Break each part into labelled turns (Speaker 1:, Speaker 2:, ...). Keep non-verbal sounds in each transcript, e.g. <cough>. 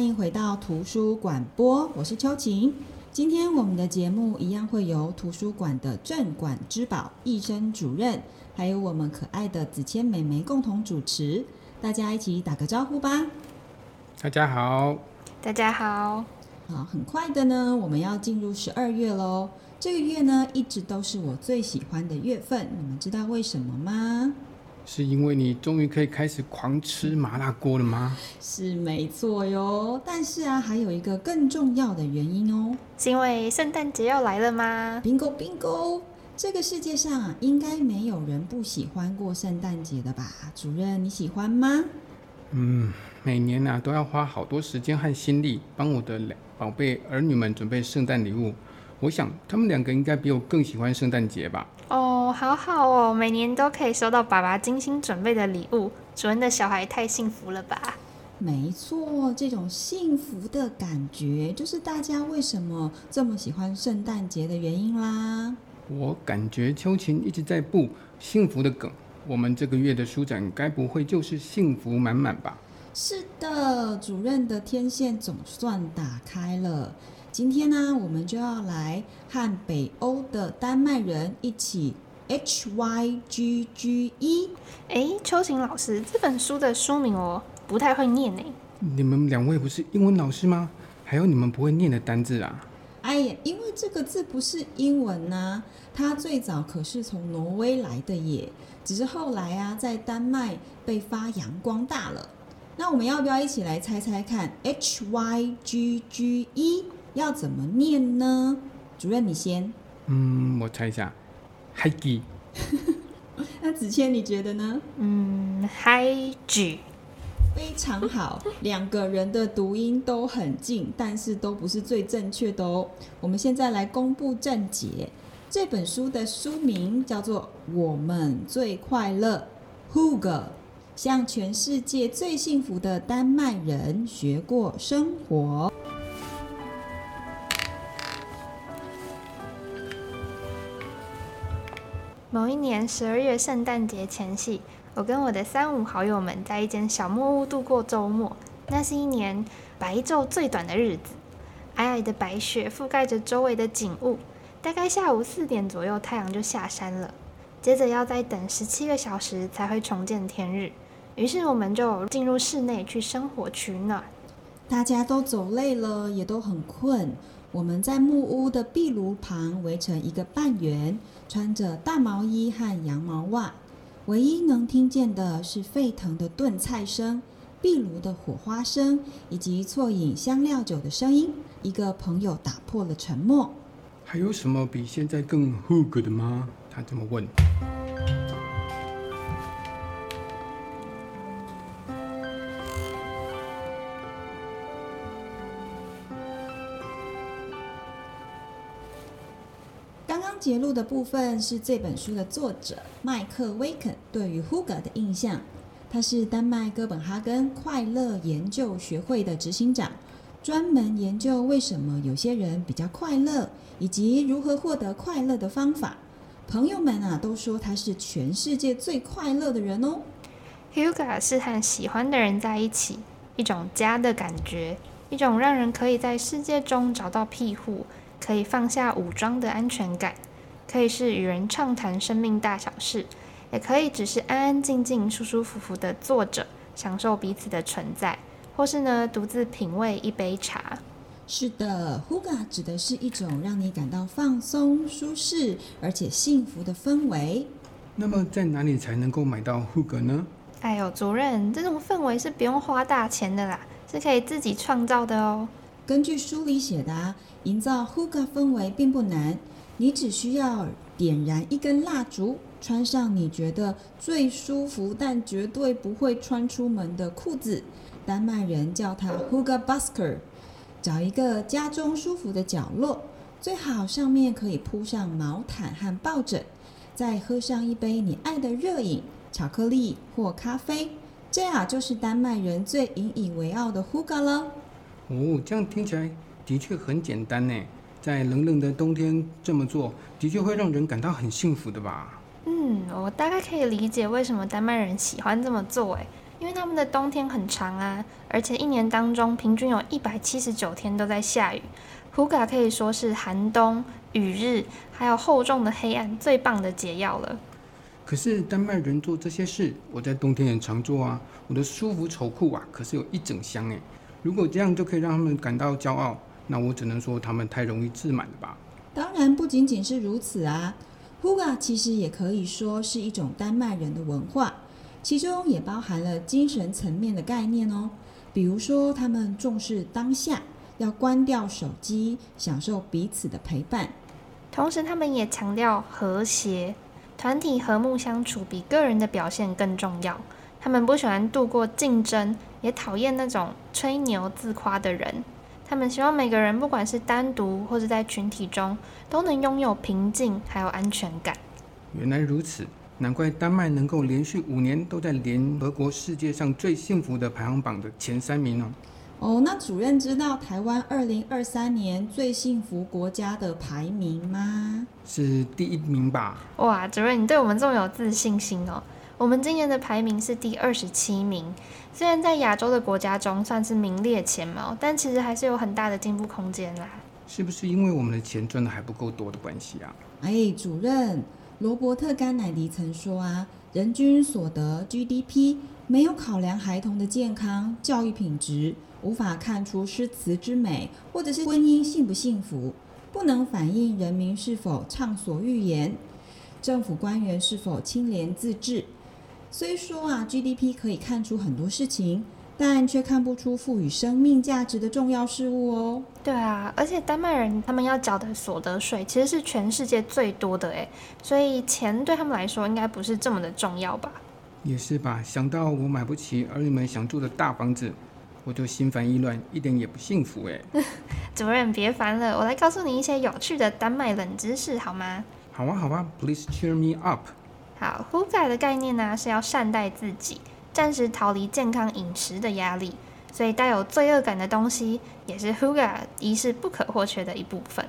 Speaker 1: 歡迎回到圖書館播，我是秋晴。今天我們的節目一樣會由圖書館的鎮館之寶醫生主任，還有我們可愛的子謙美眉共同主持。大家一起打個招呼吧！
Speaker 2: 大家好，
Speaker 1: 大家好。啊，很快的呢，我們要進入十二月嘍。這個月呢，一直都是我最喜歡的月份。你們知道為什麼嗎？
Speaker 2: 是因為你終於可以開始狂吃麻辣鍋了嗎？
Speaker 1: 是沒錯喲，但是啊，還有一個更重要的原因哦，是因為聖誕節要來了嗎？Bingo Bingo！這個世界上應該沒有人不喜歡過聖誕節的吧？主任你喜歡嗎？嗯，
Speaker 2: 每年啊都要花好多時間和心力幫我的寶貝兒女們準備聖誕禮物。我想他們兩個應該比我更喜歡聖誕節吧。
Speaker 3: 哦，好好哦，每年都可以收到爸爸精心準備的禮物，主任的小孩太幸福了吧。
Speaker 1: 沒錯，這種幸福的感覺就是大家為什麼這麼喜歡聖誕節的原因啦。
Speaker 2: 我感覺秋晴一直在布幸福的梗，我們這個月的書展該不會就是幸福滿滿吧？
Speaker 1: 是的，主任的天線總算打開了。今天呢、啊，我們就要來和北歐的丹麥人一起，hygge。哎
Speaker 3: -E，邱、欸、晴老師，這本書的書名哦，不太會念呢、欸。
Speaker 2: 你們兩位不是英文老師嗎？還有你們不會念的單字啊？
Speaker 3: 哎呀，因為這個字不是英
Speaker 1: 文吶、啊，它最早可是從挪威來的耶，只是後來啊，在丹麥被發揚光大了。那我們要不要一起來猜猜看 hygge？要怎麼念呢？主任，你先。
Speaker 2: 嗯，我猜一下，hygi。那
Speaker 1: <laughs> 啊、子謙，你覺得呢？嗯，hygi。非常好， <laughs> 兩個人的讀音都很近，但是都不是最正確的哦。我們現在來公布正解。這本書的書名叫做《我們最快樂》，Hygge，向全世界最幸福的丹麥人學過生
Speaker 3: 活。某一年十二月聖誕節前夕，我跟我的三五好友們在一間小木屋度過周末。那是一年白晝最短的日子，皚皚的白雪覆蓋着周圍的景物。大概下午四點左右，太陽就下山了，接着要再等十七個小時才會重見天日。於是我們就進入室內去生火取暖，大家
Speaker 1: 都走累了，也都很困。
Speaker 3: 我們在木屋的壁爐旁圍成
Speaker 1: 一個半圓，穿着大毛衣和羊毛襪。唯一能聽見的是沸騰的燉菜聲、壁爐的火花聲以及啜飲香料酒的聲音。一個朋友打破了沉默：“還有什麼比現在更 hygge 的嗎？”他這麼問。揭露的部分是這本書的作者麥克威肯對於 Hygge 的印象。他是丹麥哥本哈根快樂研究學會的執行長，專門研究為什麼有些人比較快樂，以及如何獲得
Speaker 3: 快樂的方法。朋友們啊，都說他是全世界最快樂的人哦。Hygge 是和喜歡的人在一起，一種家的感覺，一種讓人可以在世界中找到庇護，可以放下武裝的安全感。可以是與人暢談生命大小事，也可以只是安安靜靜、舒舒服服地坐着，享受彼此的存在，或是呢，獨自品味一杯茶。是的，Hygge 指的是一種讓你感到放鬆、
Speaker 1: 舒適而且幸福的氛圍。
Speaker 2: 那麼在哪裡才能夠買到 Hygge 呢？
Speaker 3: 哎呦，主任，這種氛圍是不用花大錢的啦，是可以自己創造的哦。根據書裡寫的，營造 Hygge 氛圍並不難。你
Speaker 1: 只需要點燃一根蠟燭，穿上你覺得最舒服但絕對不會穿出門的褲子，丹麥人叫它 hyggebukser，找一個家中舒服的角落，最好上面可以鋪上毛毯和抱枕，再喝上一杯你愛的熱飲，巧克力或咖啡。這樣就是丹麥人最引以為傲的 “hygge” 了。
Speaker 2: 哦，這樣聽起來的確很簡單呢。在冷冷的冬天這麼做，的確會讓人感到很幸福的吧？
Speaker 3: 嗯，我大概可以理解為什麼丹麥人喜歡這麼做誒，因為他們的冬天很長啊，而且一年當中平均有一百七十九天都在下雨，Hygge 可以說是寒冬、雨日，還有厚重的黑暗最棒的解藥了。
Speaker 2: 可是丹麥人做這些事，我在冬天也常做啊，我的舒服綢褲啊可是有一整箱誒。如果這樣就可以讓他們感到驕傲，那我只能說他們太容易自滿了吧。
Speaker 1: 當然不僅僅是如此啊，Hygge 其實也可以說是一種丹麥人的文化，其中也包含了精神層面的概念哦。比如說，他們重視
Speaker 3: 當下，要關掉手機，享受彼此的陪伴。同時，他們也強調和諧，團體和睦相處比個人的表現更重要。他們不喜歡度過競爭，也討厭那種吹牛自誇的人。他們希望每個人，不管是單獨或者在群體中，都能擁有平靜還有安全感。
Speaker 2: 原來如此，難怪丹麥能夠連續五年都在聯合國世界上最幸福的排行榜的前三名呢。
Speaker 3: 哦，那主任
Speaker 1: 知道台灣二零二三年最幸福國家的排名嗎？
Speaker 2: 是第一名吧？
Speaker 3: 哇，主任，你對我們這麼有自信心哦。我們今年的排名是第二十七名，雖然在亞洲的國家中算是名列前茅，但其實還是有很大的進步空間啦、啊。
Speaker 2: 是不是因為我們的錢賺得還不夠多的關係啊？
Speaker 1: 哎，主任羅伯特甘迺迪曾說啊，人均所得 GDP 沒有考量孩童的健康、教育品質，無法看出詩詞之美，或者是婚姻幸不幸福，不能反映人民是否暢所欲言，政府官員是否清廉自治。雖說
Speaker 3: 啊，GDP 可以看出很多事情，但卻看不出賦予生命價值的重要事物哦。對啊，而且丹麥人他們要繳的所得稅其實是全世界最多的誒，所以錢對他們來說應該不是這麼的重要吧？
Speaker 2: 也是吧，想到我買不起而你們想住的大房子，我就心煩意亂，一點也不幸福誒，
Speaker 3: <laughs> 主任別煩了，我來告訴你一些有趣的丹麥冷知識好嗎？
Speaker 2: 好啊好啊，Please cheer me up。
Speaker 3: 好 Hygge 的概念呢是要善待自己，暫時逃離健康飲食的壓力，所以帶有罪惡感的東西也是 Hygge 儀式不可或缺的一部分。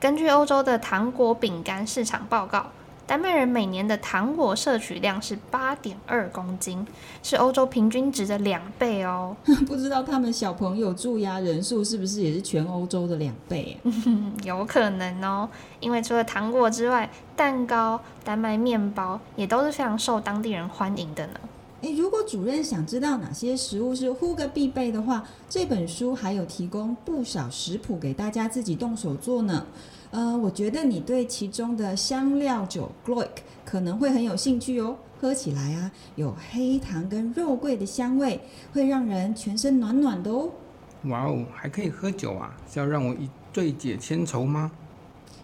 Speaker 3: 根據歐洲的糖果餅乾市場報告。丹麥人每年的糖果攝取量是八點二公斤，是歐洲平均值的兩倍哦。不知道他們小朋友蛀牙人數是不是也是全歐洲的兩倍啊？ <laughs> 有可能哦，因為除了糖果之外，蛋糕、丹麥麵包也都是非常受當地人歡迎的呢。
Speaker 1: 如果主任想知道哪些食物是呼 u 必備的話，這本書還有提供不少食譜給大家自己動手做呢。呃，我覺得你對其中的香料酒 gløgg 可能會很有興趣哦。喝起來啊，有黑糖跟肉桂的香味，會讓人全身暖暖的
Speaker 2: 哦。哇哦，還可以喝酒啊？是要讓我一醉解千愁嗎？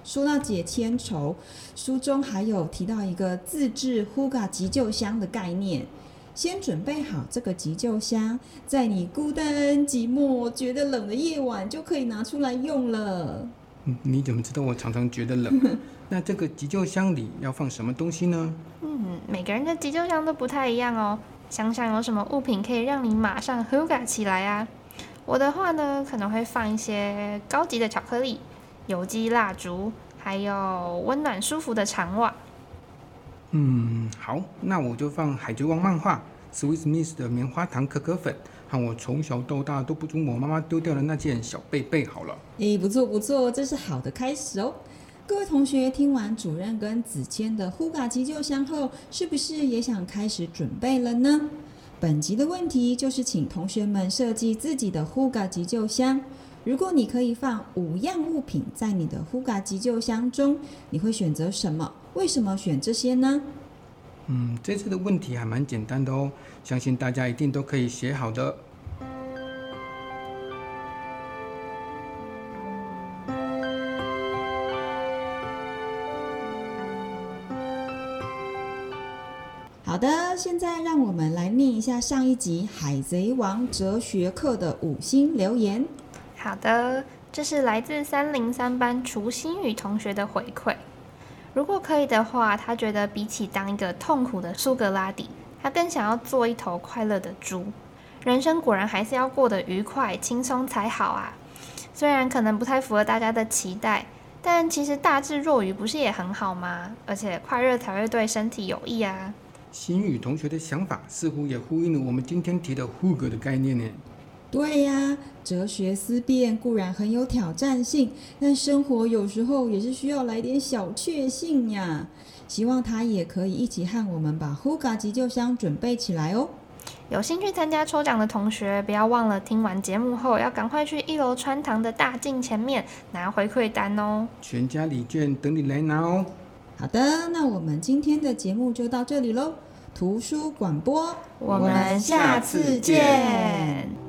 Speaker 1: 說到解千愁，書中還有提到一個自制 hygge 急救箱的概念。先準備好這個急救箱，在你孤單寂寞、覺得冷
Speaker 3: 的夜晚，就可以拿出來用了。
Speaker 2: 嗯，你怎麼知道我常常覺得冷？ <laughs> 那這個急救箱裡要放什麼東西呢？嗯，
Speaker 3: 每個人的急救箱都不太一樣哦。想想有什麼物品可以讓你馬上 hygge 起來啊？我的話呢，可能會放一些高級的巧克力、有機蠟燭，還有溫暖舒服的長襪。嗯，
Speaker 2: 好，那我就放《海賊王》漫畫，Swiss Miss <laughs> 的棉花糖可可粉。看我從小到大都不准我媽媽丟掉的那件小被被好了。
Speaker 1: 哎，不錯不錯，這是好的開始哦、喔。各位同學聽完主任跟子謙的呼嘎急救箱後，是不是也想開始準備了呢？本集的問題就是請同學們設計自己的呼嘎急救箱。如果你可以放五樣物品在你的呼嘎急救箱中，你會選擇什麼？為什麼選這些呢？
Speaker 2: 嗯，這次的問題還蠻簡單的哦，相信大家一定都可以寫好的。
Speaker 1: 好的，現在讓我
Speaker 3: 們來念一下上一集《海賊王哲學課》的五星留言。好的，這是來自三零三班楚新宇同學的回饋。如果可以的話，他覺得比起當一個痛苦的蘇格拉底，他更想要做一頭快樂的豬。人生果然還是要過得愉快輕鬆才好啊！雖然可能不太符合大家的期待，但其實大智若愚不是也很好嗎？而且快樂才會對身體有益啊！
Speaker 2: 新宇同學的想法似乎也呼應了我們今天提到 “Hygge” 的概念呢。
Speaker 3: 對呀、啊，哲學
Speaker 1: 思辨固然很有挑戰性，但生活有時候也是需要來點小確
Speaker 3: 幸呀。希望他也可以一起和我們把 Hygge 急救箱準備起來哦。有興趣參加抽獎的同學，不要忘了聽完節目後要趕快去一樓穿堂的大鏡前面拿回饋單哦。
Speaker 1: 全家禮券等你來拿哦。好的，那我們今天的節目就到這裡嘍。圖書廣播，
Speaker 3: 我們下次見。